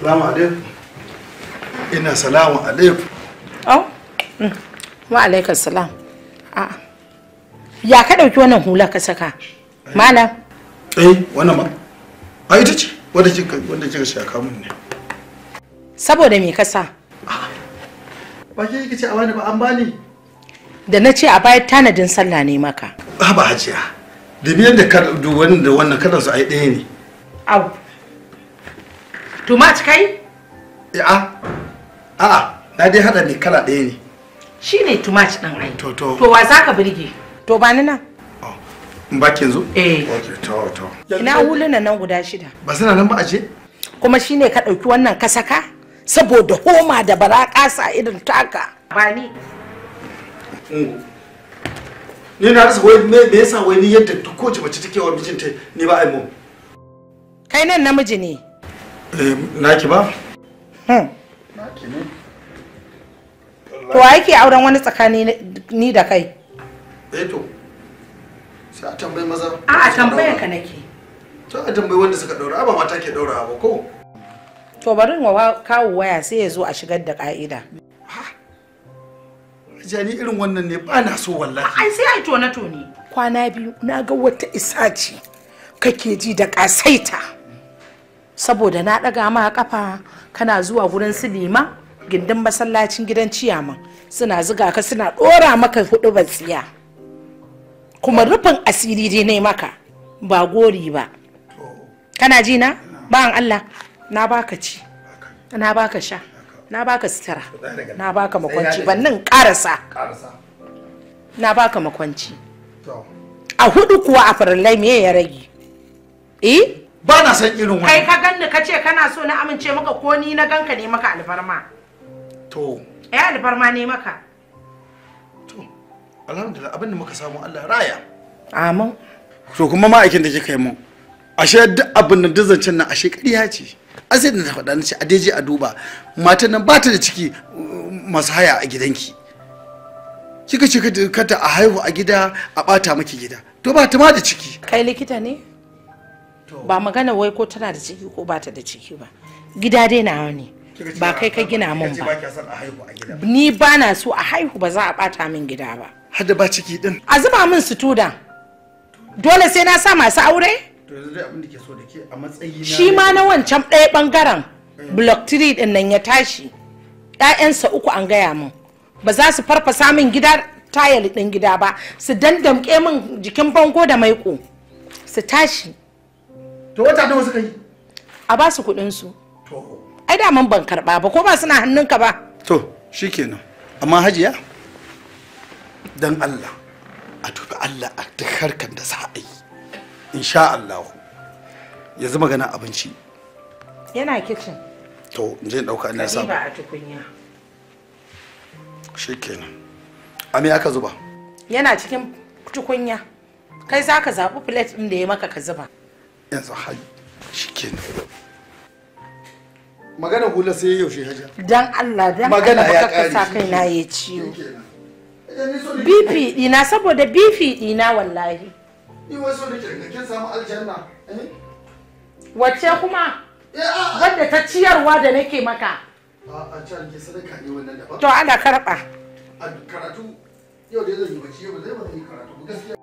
Salamu alaikum. Ina salamu alaikum. Au. Mm. Wa alaikum salam. Ya ka ɗauki wannan hula ka saka? Eh. Malam. Eh, wannan ma. A ita ce wanda kika wanda kika shaka mun ne. Saboda me ka sa? Ba ke kike ce a wani ba an bani. Da na ce a bayar tanadin sallah ne maka. Ba hajiya. Da biyan da wanda wannan kadan su ai ɗaya ne. Au. too much kai a a na dai hada ne kala ɗaya ne shine too much din ai to to to wa zaka birge to ba ni nan oh, in ba ke zo eh okay to to ina hulunan nan guda shida ba suna nan ba a ce kuma shine ka ɗauki wannan ka saka saboda homa da bara kasa irin taka ba ni mm. ni na rasa wai me yasa wai ni yadda kowace mace take wa mijinta ni ba ai mu kai nan namiji ne naki ba? Hmm. Naki ne. To wa yake auren wani tsakani ni da kai? Eh to. Sai a tambayi maza. A a tambayar ka nake. To a tambayi wanda suka daura, ba mata ke daura ba ko? To bari wa kawo waya sai ya zo a shigar da ka'ida. Jani irin wannan ne ba na so wallahi. Ai sai ai tone tone. Kwana biyu na ga wata isa ce kake ji da kasaita. saboda na ɗaga ma kafa kana zuwa gurin su lima gindin masallacin gidan ciyaman suna zuga ka suna ɗora maka hudu tsiya kuma rufin asiri dai ne maka ba gori ba kana ji na ba'an allah na baka ci na baka sha na baka sutura na baka makwanci bannin karasa na baka makwanci a hudu kuwa a farallai me ya rage eh ba na san irin wani kai ka ganni ka ce kana so na amince maka ko ni na ganka ne maka alfarma to eh alfarma ne maka to alhamdulillah abin da muka samu Allah raya amin to kuma ma'aikin da kika yi mun ashe duk abin da duk zancen nan ashe ƙarya ce ashe sai da na faɗa na ce a daji a duba matan nan ba ta da ciki uh, masu haya a gidanki kika ce ta a haihu a gida a ɓata miki gida to ba ta ma da ciki kai likita ne ba magana wai ko tana da ciki ko ba ta da ciki ba gida dai nawa ne ba kai ka gina min ba ni ba na so a haihu ba za a bata min gida ba har da ba ciki din a zuba min sutuda dole sai na sa masu aure shi ma na wancan ɗaya bangaren eh. block 3 din nan ya tashi ƴaƴansa uku an gaya min ba za su farfasa min gida tayal ɗin gida ba su dandamke min jikin bango da maiko su tashi to wata nawa suka yi a ba su kuɗin su to ai da man ban karɓa ba ko ba suna hannunka ba to shikenan amma hajiya dan Allah a dubi Allah a duk harkar da za a yi insha Allah yanzu magana abinci yana kitchen to je dauka ina sa ba a tukunya shikenan a me aka zuba yana cikin tukunya kai za ka zaɓi plate ɗin da ya maka ka zuba yanzu hajji shi magana hula sai ya yaushe dan Allah dan magana ya kare sa kai na ya ciwo eh, BP dina saboda BP dina wallahi ni wai so nake kin samu aljanna eh? wacce kuma wadda eh, ah, ah. ta ciyarwa da nake maka a ah, can ke sadaka ne wannan da to ana karba karatu yau zan yi bacci yau zai ba karatu gaskiya